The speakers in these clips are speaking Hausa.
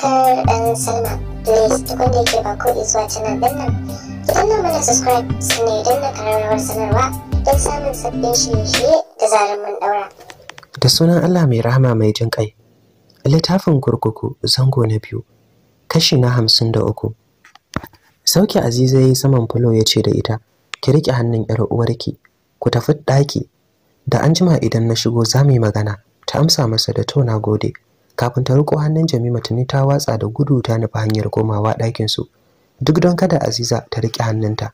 subscribe and sign up. Please tukun da yake ba ko zuwa canal din nan. Ki danna mana subscribe sannan idan na kararrawar sanarwa don samun sabbin shirye-shirye da zarar mun daura. Da sunan Allah mai rahama mai jin ƙai, Littafin kurkuku zango na biyu kashi na hamsin da uku. Sauke Aziza ya yi saman fulo ya ce da ita, ki riƙe hannun ‘yar uwarki, ku tafi ɗaki, da an jima idan na shigo za mu yi magana, ta amsa masa da to na gode. kafin ta riko hannun Jamima tuni ta watsa da gudu ta nufi hanyar komawa ɗakin su duk don kada Aziza ta riƙe hannunta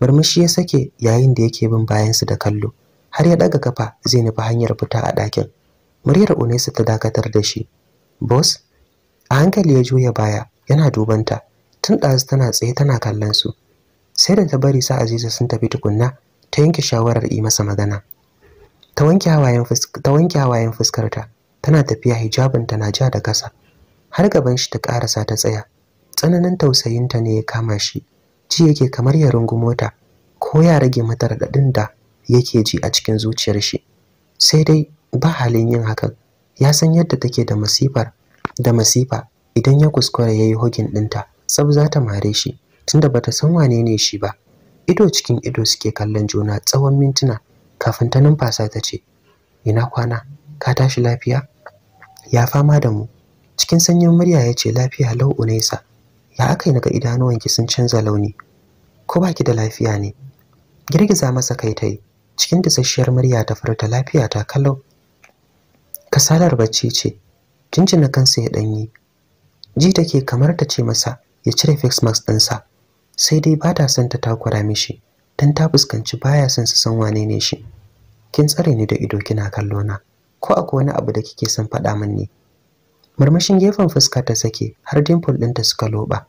murmushi ya sake yayin da yake bin bayan su da kallo har ya daga kafa zai nufi hanyar fita a ɗakin muryar Unesa ta dakatar da shi boss a hankali ya juya baya yana dubanta tun ɗazu tana tsaye tana kallon su sai da ta bari sa Aziza sun tafi tukunna ta yanke shawarar yi masa magana ta wanke hawayen fuskarta tana tafiya hijabin na ja da kasa har gaban shi ta karasa ta tsaya tsananin tausayin ta ne ya kama shi ji yake kamar ya rungu mota ko ya rage mata raɗaɗin da yake ji a cikin zuciyar shi sai dai ba halin yin hakan ya san yadda take da masifar da masifa idan ya kuskure yayi hogin ɗinta sab za ta mare shi tunda bata san wane ne shi ba ido cikin ido suke kallon juna tsawon mintuna kafin ta numfasa ta ce ina kwana ka tashi lafiya ya fama da mu cikin sanyin murya ya ce lafiya lau unaisa ya aka yi naga idanuwanki sun canza launi ko ba ki da lafiya ne girgiza masa kai tai cikin dasasshiyar murya ta furta lafiya ta kallo kasalar bacci ce jinjina kansa ya danyi ji take kamar ta ce masa ya cire fix mask ɗinsa sai dai ba ta son ta takura mishi dan ta fuskanci baya son su san wane ne shi kin tsare ni da ido kina kallo na ko akwai wani abu da kike son faɗa min ne murmushin gefen fuska ta sake har ɗin ɗinta suka loba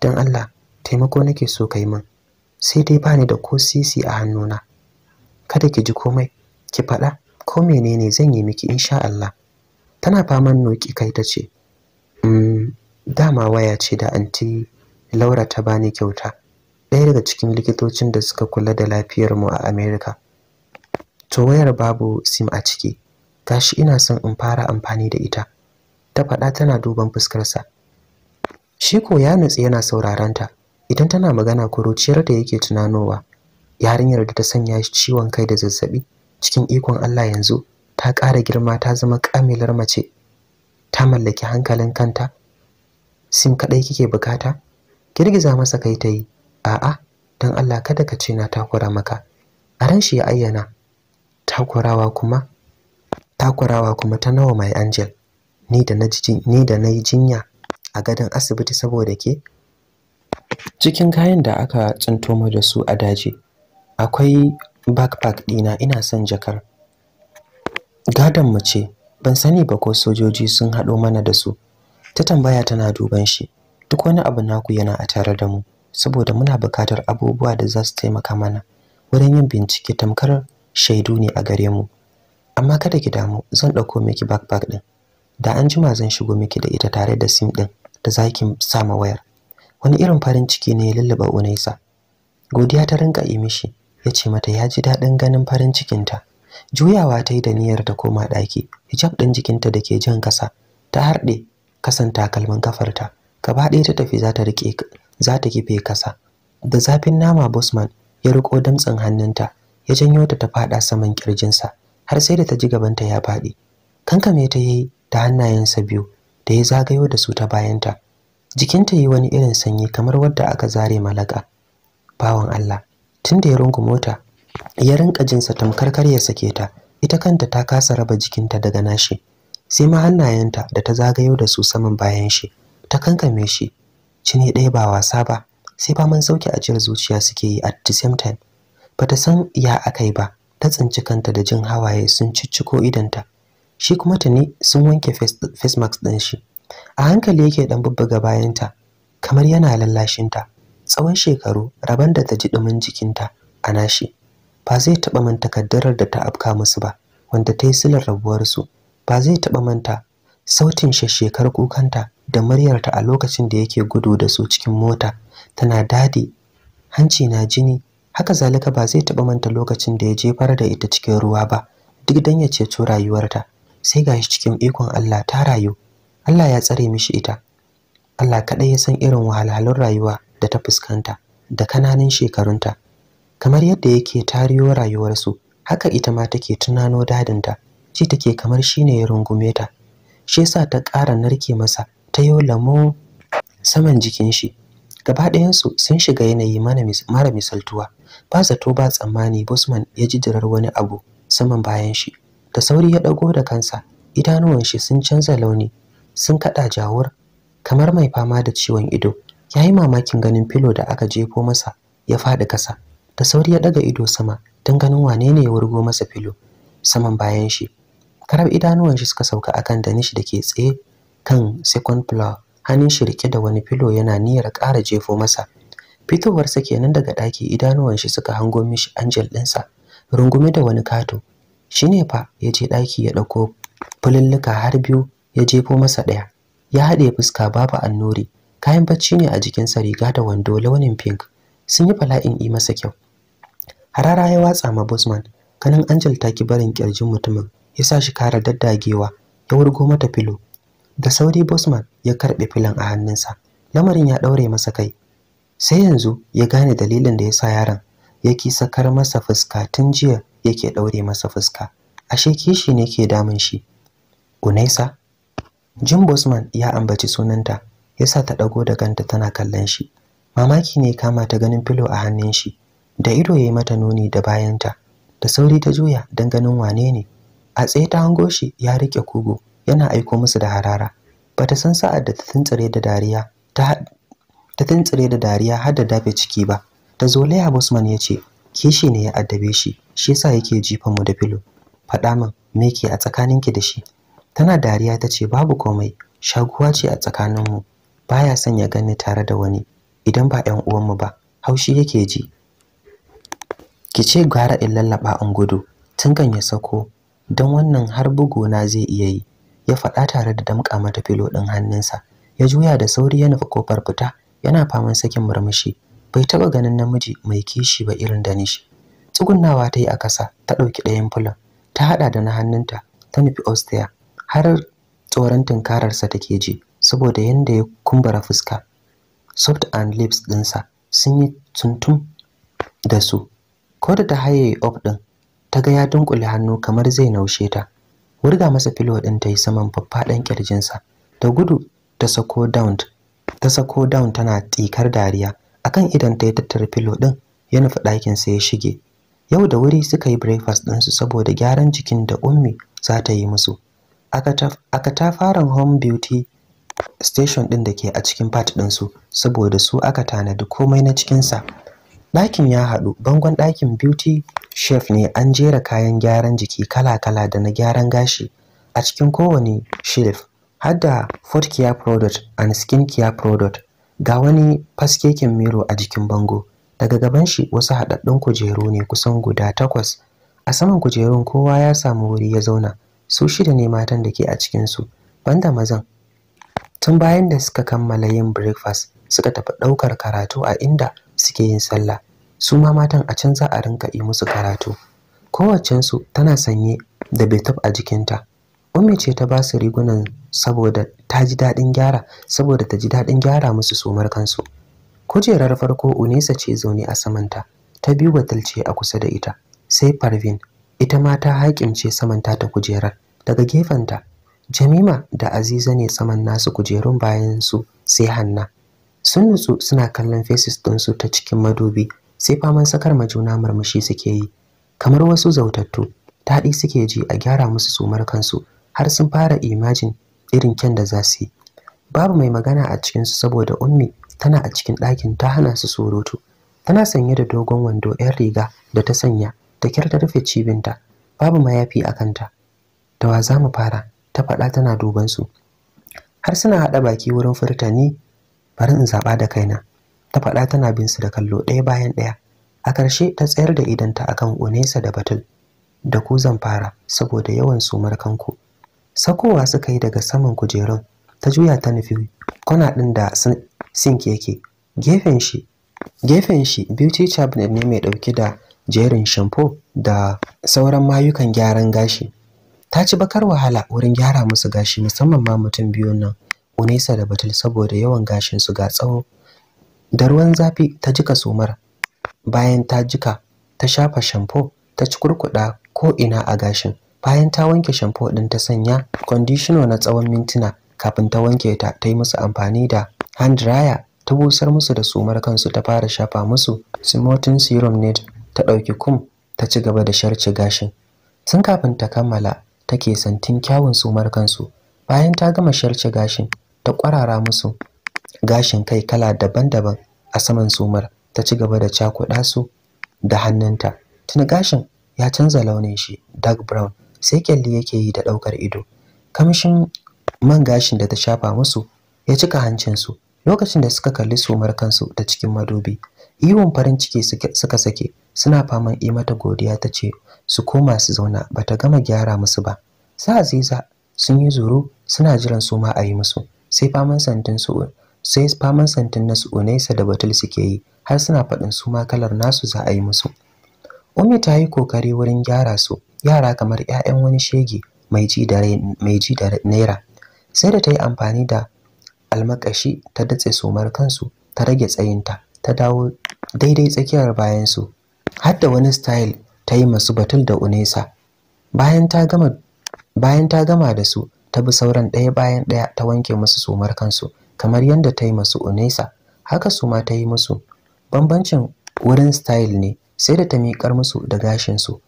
don Allah taimako nake so kai min sai dai bani da ko sisi a hannuna kada ki ji komai ki faɗa ko menene zan yi miki insha Allah tana faman noki kai ta ce mm, dama waya ce da anti Laura ta bani kyauta ɗaya daga cikin likitocin da suka kula da lafiyar mu a America to wayar babu sim a ciki tashi ina son in fara amfani da ita ta faɗa tana duban fuskarsa shi ko ya nutse yana sauraron ta idan tana magana kuruciyar da yake tunanowa yarinyar da ta sanya shi ciwon kai da zazzabi cikin ikon Allah yanzu ta ƙara girma ta zama kamilar mace ta mallaki hankalin kanta sim kadai kike bukata girgiza masa kai ta yi a'a dan Allah kada ka ce na takura maka a ran shi ya ayyana takurawa kuma takurawa kuma ta nawa mai angel ni da na ni da na yi jinya a gadon asibiti saboda ke cikin kayan da aka tsinto mu da su a daji akwai backpack dina ina son jakar gadon mu ce ban sani ba ko sojoji sun haɗo mana da su ta tambaya tana duban shi duk wani abu naku yana a tare da mu saboda muna buƙatar abubuwa da za su taimaka mana wurin yin bincike tamkar shaidu ne a gare mu amma kada ki damu zan ɗauko miki backpack ɗin da an jima zan shigo miki da ita tare da sim ɗin da za ki sama wayar wani irin farin ciki ne ya lullaba unaisa godiya ta rinka yi mishi ya ce mata ya ji daɗin ganin farin cikinta juyawa ta yi da niyyar ta koma ɗaki hijab ɗin jikinta da ke jan kasa ta harɗe kasan takalmin kafarta gaba ɗaya ta tafi za ta riƙe za ta kife ƙasa da zafin nama bosman ya riƙo damtsin hannunta ya janyo ta ta faɗa saman ƙirjinsa. har sai da ta ji gabanta ya faɗi kankame ta yi da hannayensa biyu da ya zagayo da su ta bayanta jikinta yi wani irin sanyi kamar wadda aka zare malaka bawan Allah tun da ya rungu mota ya rinka jinsa tamkar ya sake ta ita kanta ta kasa raba jikinta daga nashi sai ma hannayenta da ta zagayo da su saman bayan shi ta kankame shi cini ɗaya ba wasa ba sai ba man sauke cire zuciya suke yi at the same time bata san ya akai ba ta tsinci kanta da jin hawaye sun cicciko idanta shi kuma ta ne sun wanke face mask ɗin shi a hankali yake dan bubbuga bayanta kamar yana lallashinta tsawon shekaru rabon da ta ji ɗumin jikinta a nashi ba zai taɓa manta kaddarar da ta afka musu ba wanda ta yi silar rabuwarsu ba zai taɓa manta sautin shekar kukanta da muryarta a lokacin da yake gudu da su cikin mota tana dadi hanci na jini haka zalika ba zai taɓa manta lokacin da ya jefar da ita cikin ruwa ba duk dan ya ceto rayuwarta sai gashi cikin ikon Allah ta rayu Allah ya tsare mishi ita Allah kaɗai ya san irin wahalhalun rayuwa da ta fuskanta da kananan shekarunta kamar yadda yake tariyo rayuwarsu haka ita ma take tunano dadinta shi take kamar shine ya rungume ta shi yasa ta ƙara narke masa ta yo lamo saman jikin shi gaba ɗayansu sun shiga yanayi mara misaltuwa ba zato ba tsammani Busman ya ji jirar wani abu saman bayan shi da sauri ya ɗago da kansa idanuwan shi sun canza launi sun kaɗa jawur kamar mai fama da ciwon ido ya yi mamakin ganin filo da aka jefo masa ya faɗi ƙasa da sauri ya ɗaga ido sama don ganin wane ne ya wurgo masa filo saman bayan shi Karar idanuwan shi suka sauka akan danish da ke tsaye kan second floor hannun shi rike da wani filo yana niyyar ƙara jefo masa fitowarsa kenan daga daki idanuwan shi suka hango mishi angel ɗinsa rungume da wani kato shine fa ya je ɗaki ya ɗauko fululluka har biyu ya jefo masa ɗaya ya haɗe fuska babu annuri kayan bacci ne a jikinsa riga da wando launin pink sun yi bala'in yi masa kyau harara ya watsa ma bosman kanin angel ta ki barin kirjin mutumin ya sa shi kara daddagewa ya wurgo mata filo da sauri bosman ya karɓi filan a hannunsa lamarin ya ɗaure masa kai sai yanzu ya gane dalilin da ya sa yaron yake sakar masa fuska tun jiya yake ɗaure masa fuska ashe kishi ne ke damun shi unaisa jim bosman ya ambaci sunanta yasa ta ɗago da ganta tana kallon shi mamaki ne kama ta ganin filo a hannun shi da ido ya yi mata nuni da bayanta da sauri ta juya don ganin wane ne a tsaye ta hango shi ya rike kugo yana aiko musu da harara Ba ta san sa'ar da ta tuntsire da dariya da dariya har da dafe ciki ba Ta zo laya bosman ya ce kishi ne ya addabe shi shi yasa yake jifan mu da filo faɗa min me ke a ki da shi tana dariya ta ce babu komai shaguwa ce a tsakaninmu baya son ya gani tare da wani idan ba 'yan uwanmu ba haushi yake ji ki ce gara in lallaɓa in gudu tun kan ya sako don wannan har bugu na zai iya yi ya faɗa tare da damƙa mata filo ɗin hannunsa ya juya da sauri ya nufi kofar fita yana faman sakin murmushi bai taɓa ganin namiji mai kishi ba irin da nishi. tsugunnawa ta yi a ƙasa ta ɗauki ɗayan fulan ta haɗa da na hannunta ta nufi Ostia. har tsoron tunkararsa take ji saboda yadda ya kumbura fuska soft and lips ɗinsa sun yi tuntum da su ko da ta haye up ɗin ta ga ya dunkule hannu kamar zai naushe ta wurga masa filo din ta yi saman faffaɗan kirjinsa da gudu ta sako down ta sako down tana tikar dariya akan idan ta yi tattara filo din ya nufi ɗakin sa ya shige yau da wuri suka yi breakfast ɗinsu saboda gyaran jikin da ummi za ta yi musu aka ta fara home beauty station ɗin da ke a cikin part ɗinsu saboda su aka tanadi komai na cikin sa ɗakin ya haɗu bangon ɗakin beauty chef ne an jera kayan gyaran jiki kala-kala da na gyaran gashi a cikin kowane shelf har da foot care product and skin care product ga wani faskekin miro a jikin bango daga gaban shi wasu haɗaɗɗun kujeru ne kusan guda takwas a saman kujerun kowa ya samu wuri ya zauna su shida ne matan da ke a cikinsu banda mazan tun bayan da suka kammala yin breakfast suka tafi ɗaukar karatu a inda suke yin sallah su ma matan a can za a rinka yi musu karatu kowaccensu tana sanye da betop a jikinta ummi ce ta ba su rigunan saboda ta ji daɗin gyara saboda ta ji daɗin gyara musu sumar kansu kujerar farko unesa ce zaune a samanta ta biyu batal ce a kusa da ita sai parvin ita ma ta haƙimce samanta ta kujerar daga gefenta jamima da aziza ne saman nasu kujerun bayan su sai hanna sun nutsu suna kallon faces ɗinsu ta cikin madubi sai faman sakar majuna juna murmushi suke yi kamar wasu zautattu taɗi suke ji a gyara musu sumar kansu har sun fara imajin irin kyan da za su yi babu mai magana a cikinsu saboda ummi tana a cikin ɗakin ta hana su surutu tana sanye da dogon wando 'yan riga da ta sanya ta kyar rufe cibinta babu mayafi a kanta da wa za mu fara ta faɗa tana duban su har suna haɗa baki wurin furta bari in zaɓa da kaina ta faɗa tana bin su da kallo ɗaya bayan ɗaya a ƙarshe ta tsayar da idanta akan unesa da batul da ku zan fara saboda yawan sumar kanku sakowa suka yi daga saman kujerun ta juya ta nufi Kuna ɗin da sink yake gefen shi gefen shi beauty cabinet ne mai ɗauki da jerin shampo da sauran mayukan gyaran gashi ta ci bakar wahala wurin gyara musu gashi musamman ma mutum biyu nan unesa da Batul saboda yawan gashin su ga tsawo. Da ruwan zafi ta jika sumar. Bayan ta jika, ta shafa shamfo, ta ci kurkuɗa ko'ina a gashin. Bayan ta wanke shamfo din ta sanya conditioner na tsawon mintuna kafin ta wanke ta ta yi musu amfani da hand dryer ta busar musu da sumar kansu ta fara shafa musu smoothing serum ne ta ɗauki kum ta ci gaba da sharci gashin. Tun kafin ta kammala take santin kyawun sumar kansu. Bayan ta gama sharce gashin, ta ƙwarara musu gashin kai kala daban-daban a saman sumar ta ci gaba da cakuɗa su da hannunta tuni gashin ya canza launin shi dark brown sai kyalli yake yi da ɗaukar ido kamshin man gashin da ta shafa musu ya cika hancinsu lokacin da suka kalli sumar kansu ta cikin madobi iwon farin ciki suka sake suna faman yi mata godiya ta ce su koma su zauna ba ta gama gyara musu ba sa aziza sun yi zuru suna jiran suma ma a yi musu sai faman santin su sai faman santin na su Unaisa da Batul suke yi har suna faɗin su ma kalar nasu za a yi musu Ummi ta yi kokari wurin gyara su yara kamar ƴaƴan wani shege mai ji da mai ji da naira sai da ta yi amfani da almakashi ta datse sumar kansu ta rage tsayinta ta dawo daidai tsakiyar bayansu har da wani style ta yi masu batul da unesa bayan ta gama bayan ta gama da su ta bi sauran ɗaya bayan ɗaya ta wanke musu sumar kansu kamar yadda ta yi musu unesa haka su ma ta yi musu bambancin wurin style ne sai da ta miƙar musu da gashinsu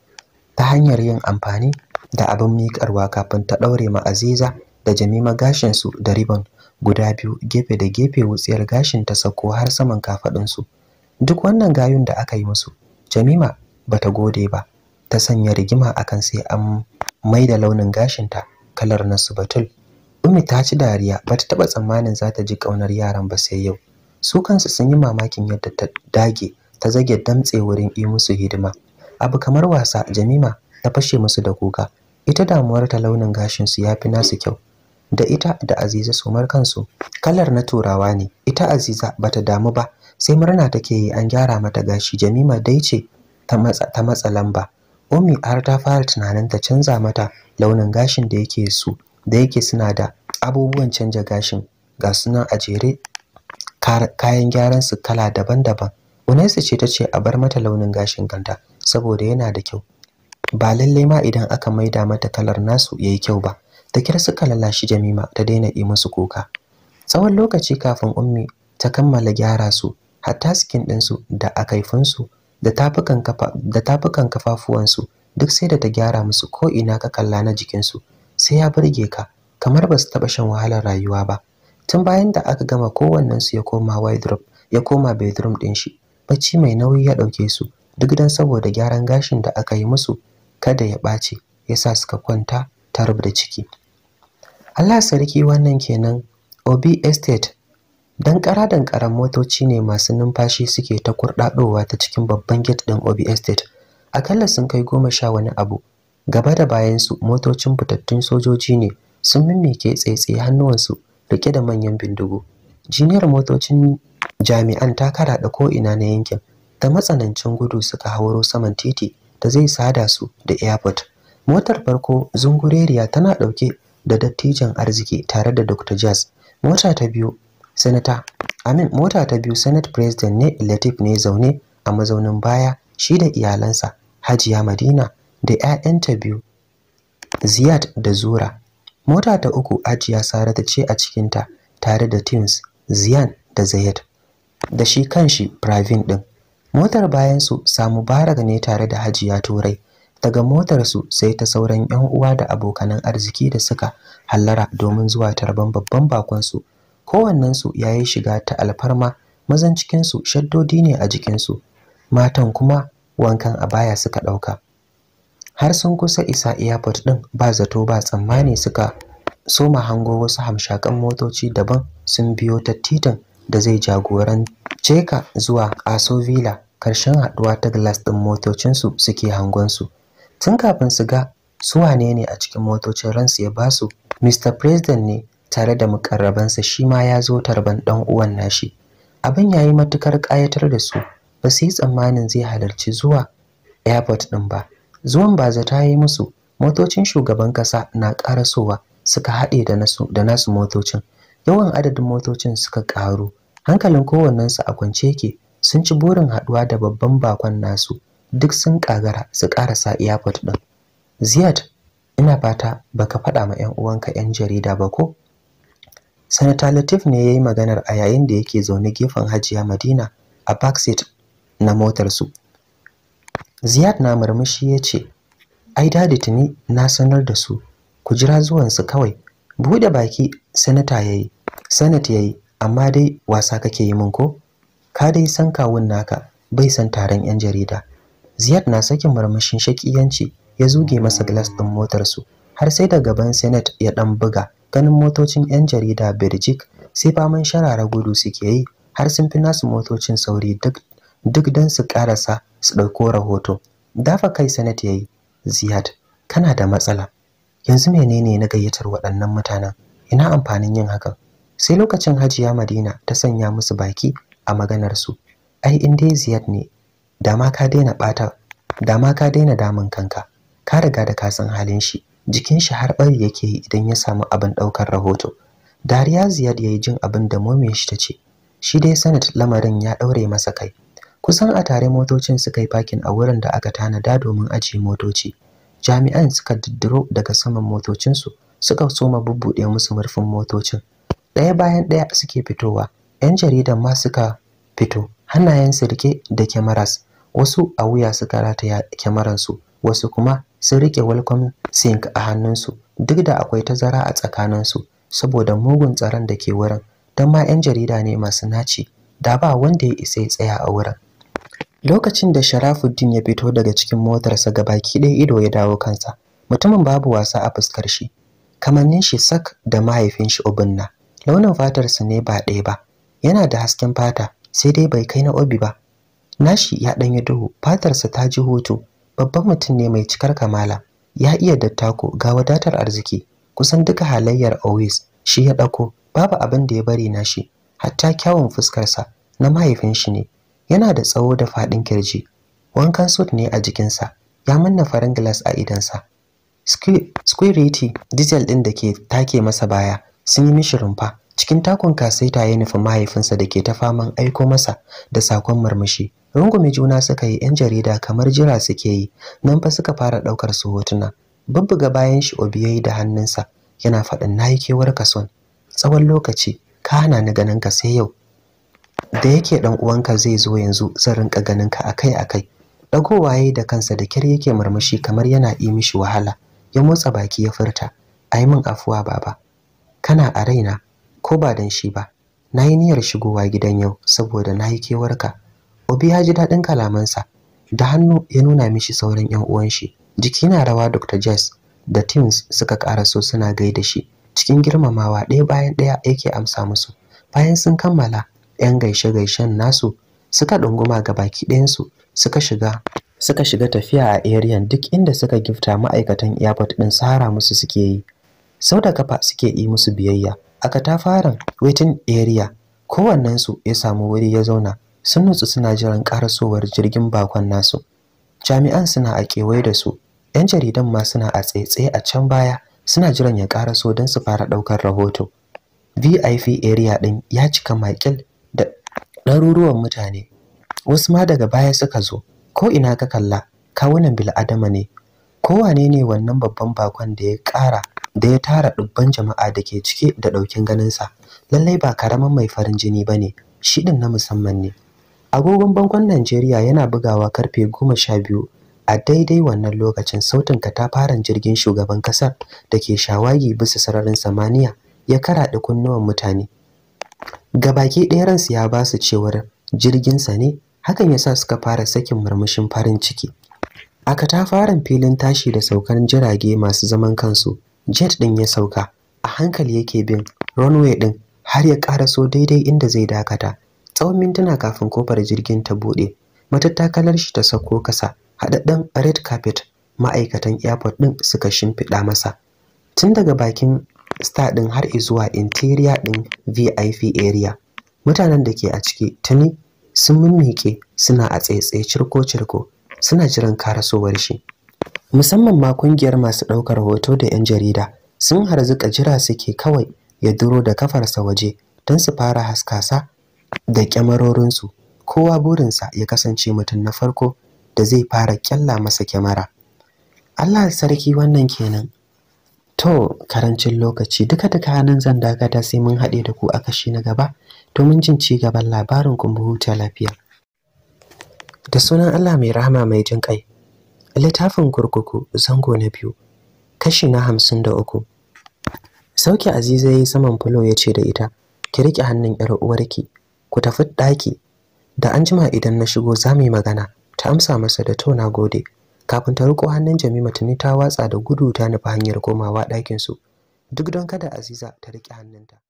ta hanyar yin amfani da abin miƙarwa kafin ta ɗaure ma aziza da jamima gashinsu da ribon guda biyu gefe da gefe wutsiyar gashin ta sako har saman kafaɗinsu duk wannan gayun da aka yi musu jamima bata gode ba ta sanya rigima akan sai an mai da launin gashinta kalar nasu batul ummi ta ci dariya ba ta taɓa tsammanin za ta ji ƙaunar yaran ba sai yau su kansu sun yi mamakin yadda ta dage ta zage damtse wurin yi musu hidima abu kamar wasa jamima ta fashe musu da kuka ita damuwar ta launin gashin su fi nasu kyau da ita da aziza sumar kansu kalar na turawa ne ita aziza ba ta damu ba sai murna take yi an gyara mata gashi jamima dai ce ta matsa lamba Ummi har ta fara tunanin ta canza mata launin gashin da yake su da yake suna da abubuwan canja gashin ga sunan a jere kayan gyaran su kala daban-daban. Unaisa ce ta ce a bar mata launin gashin ganta, saboda yana da kyau. Ba lallai ma idan aka maida mata kalar nasu yayi kyau ba. ta kyar suka lalashi Jamima ta daina yi musu kuka. Tsawon lokaci kafin Ummi ta kammala gyara su, hatta skin ɗinsu da akaifinsu da tafukan kafa da kafafuwansu duk sai da ta gyara musu ko ina ka kalla na jikinsu sai ya burge ka kamar ba su taɓa shan wahalar rayuwa ba tun bayan da aka gama su ya koma wardrobe ya koma bedroom ɗin shi bacci mai nauyi ya ɗauke su duk dan saboda gyaran gashin da aka yi musu kada ya ɓace ya sa suka kwanta ta da ciki Allah sarki wannan kenan Obi Estate dankara dankaran motoci ne masu numfashi suke ta kurɗaɗowa ta cikin babban gate ɗin obi estate akalla sun kai goma sha wani abu gaba da bayansu motocin fitattun sojoji ne sun mimmike tsaitsaye hannuwansu rike da manyan bindigo jiniyar motocin jami'an ta karaɗa ko'ina na yankin da matsanancin gudu suka hauro saman titi da zai sada su da airport motar farko zungureriya tana ɗauke da dattijan arziki tare da dr jazz mota ta biyu Senator Amin mota ta biyu Senate President ne Latif ne zaune a mazaunin baya shi da iyalansa Hajiya Madina da 'ya'yanta biyu Ziyad da Zura. Mota ta uku Hajiya Saratu ce a cikinta tare da Teams Ziyan da Zayed. Da shi kanshi Pravin din. Motar bayan su samu baraga ne tare da Hajiya Turai. Daga motarsu sai ta sauran 'yan uwa da abokanan arziki da suka hallara domin zuwa tarban babban bakonsu kowannensu ya yi shiga ta alfarma mazan cikinsu shaddodi ne a jikinsu matan kuma wankan a baya suka ɗauka har sun kusa isa airport ɗin ba zato ba tsammani suka soma hango wasu hamshakan motoci daban sun biyo ta titin da zai jagorance ka zuwa aso villa karshen haɗuwa ta glass ɗin motocinsu suke hangonsu tun kafin su ga su wane ne a cikin motocin ransu ya basu mr president ne tare da mukarrabansa shi ma ya zo tarban ɗan uwan nashi abin ya yi matukar ƙayatar da su ba su yi tsammanin zai halarci zuwa airport ɗin ba zuwan ba zata yi musu motocin shugaban ƙasa na ƙarasowa suka haɗe da nasu motocin yawan adadin motocin suka ƙaru hankalin kowannensu a kwance yake sun ci burin haɗuwa da babban bakon nasu duk sun ƙagara su ƙarasa airport ɗin ziyad ina fata baka faɗa ma 'yan uwanka 'yan jarida ba ko sanata latif ne ya yi maganar a yayin da yake zaune gefen hajiya madina a backseat na motarsu ziyad na murmushi ya ce ai da tuni na sanar da su ku jira zuwansu kawai buɗe baki sanata ya yi sanat ya yi amma dai wasa kake yi min ko ka dai san kawun naka bai san taron yan jarida ziyad na sakin murmushin shakiyanci ya zuge masa glas ɗin motarsu har sai da gaban senat ya ɗan buga ganin motocin 'yan jarida birjik sai faman sharara gudu suke yi har sun fi nasu motocin sauri duk don su karasa su ɗauko rahoto dafa kai sanat ya yi ziyad kana da matsala yanzu menene na gayyatar waɗannan mutanen ina amfanin yin hakan sai lokacin hajiya madina ta sanya musu baki a maganar su ai in dai ziyad ne da ma ka daina daman da ka daina damun kanka ka riga da ka san halin shi jikin shi har bari yake yi idan ya samu abin daukar rahoto dariya ziyad yayi jin abin da momin shi tace shi dai sanad lamarin ya daure masa kai kusan a tare motocin suka yi parking a wurin da aka tanada domin ajiye motoci jami'an suka diddiro daga saman motocinsu suka soma bubbuɗe musu murfin motocin ɗaya bayan ɗaya suke fitowa 'yan jaridan ma suka fito hannayen sirke da kyamaras wasu a wuya suka rataya kyamaransu wasu kuma sun rike welcome sink a hannunsu duk da akwai tazara a tsakaninsu saboda mugun tsaron da ke wurin don ma 'yan jarida ne masu naci da ba wanda ya isa ya tsaya a wurin lokacin da sharafuddin ya fito daga cikin motarsa ga baki ɗaya ido ya dawo kansa mutumin babu wasa a fuskar shi kamannin shi sak da mahaifin shi obinna launin fatarsa ne ba ɗaya ba yana da hasken fata sai dai bai kai na obi ba nashi ya ya duhu fatarsa ta ji hoto babban mutum ne mai cikar kamala ya iya dattako ga wadatar arziki kusan duka halayyar always shi ya ɗauko babu abin da ya bari nashi hatta kyawun fuskarsa na mahaifin shi ne yana da tsawo da faɗin kirji wankan suit ne a jikinsa ya manna farin glass a idansa squirity diesel din da ke take masa baya sun yi mishi rumfa cikin takon kasaita ya nufi mahaifinsa da ke ta faman aiko masa da sakon murmushi rungume juna suka yi 'yan jarida kamar jira suke yi nan fa suka fara ɗaukar su hotuna bubbuga bayan shi obiyai da hannunsa yana faɗin na kewar ka son tsawon lokaci ka hana ni ganin ka sai yau da yake ɗan uwanka zai zo yanzu zan rinka ganin ka akai akai ɗagowa ya da kansa da kyar yake murmushi kamar yana yi mishi wahala ya motsa baki ya furta ai min afuwa baba kana a raina ko ba dan shi ba na yi niyyar shigowa gidan yau saboda na yi kewarka obi ya ji daɗin kalamansa da hannu ya nuna mishi sauran yan uwan shi jiki na rawa dr jess da teams suka so suna gaida shi cikin girmamawa ɗaya bayan ɗaya yake amsa musu bayan sun kammala 'yan gaishe-gaishen nasu suka ɗunguma ga baki ɗayansu suka shiga suka shiga tafiya a ariyan duk inda suka gifta ma'aikatan airport ɗin sahara musu suke yi sau da kafa suke yi musu biyayya a katafaren waiting area kowannensu ya samu wuri ya zauna sun nutsu suna jiran karasowar jirgin bakon nasu jami'an suna a kewaye da su 'yan jaridan ma suna a tsaitsaye a can baya suna jiran ya karaso don su fara daukar rahoto vip area din ya cika makil da ɗaruruwan mutane wasu ma daga baya suka zo ko ina ka kalla kawunan bil'adama ne kowane ne wannan babban bakon da ya ƙara da ya tara dubban jama'a da ke cike da ɗaukin ganinsa lallai ba karaman mai farin jini ba ne shi ɗin na musamman ne agogon bankon najeriya yana bugawa karfe goma sha biyu a daidai wannan lokacin sautin katafaren jirgin shugaban ƙasar da ke shawagi bisa sararin samaniya ya karaɗe kunnuwan mutane gabaki ɗaya ransu ya ba su cewar jirginsa ne hakan ya sa suka fara sakin murmushin farin ciki A katafaren filin tashi da saukan jirage masu zaman kansu, jet ɗin ya sauka, a hankali yake bin runway ɗin har ya so daidai inda zai dakata. Tsawon mintuna kafin kofar jirgin ta buɗe, matattakalar shi ta sauko kasa, haɗaɗɗen red carpet ma'aikatan airport ɗin suka shimfiɗa masa. Tun daga bakin star ɗin har zuwa interior ɗin VIP area, mutanen da ke a ciki tuni sun mimmiƙe suna a tsaitsaye cirko-cirko suna jiran karasowar shi musamman ma kungiyar masu ɗaukar hoto da 'yan jarida sun harzuka jira suke kawai ya duro da kafarsa waje don su fara haskasa da kyamarorinsu kowa burinsa ya kasance mutum na farko da zai fara kyalla masa kyamara allah sarki wannan kenan to karancin lokaci duka duka nan zan dakata sai mun haɗe da ku a kashi na gaba domin jin ci gaban labarin kuma huta lafiya da sunan Allah mai rahama mai jin ƙai. Littafin kurkuku zango na biyu, kashi na hamsin da uku. Sauke Aziza ya saman fulo ya ce da ita, ki riƙe hannun ‘yar uwarki, ku tafi ɗaki. Da an jima idan na shigo za mu yi magana, ta amsa masa da to gode. Kafin ta riƙo hannun Jamima tuni ta watsa da gudu ta nufi hanyar komawa ɗakinsu. Duk don kada Aziza ta riƙe hannunta.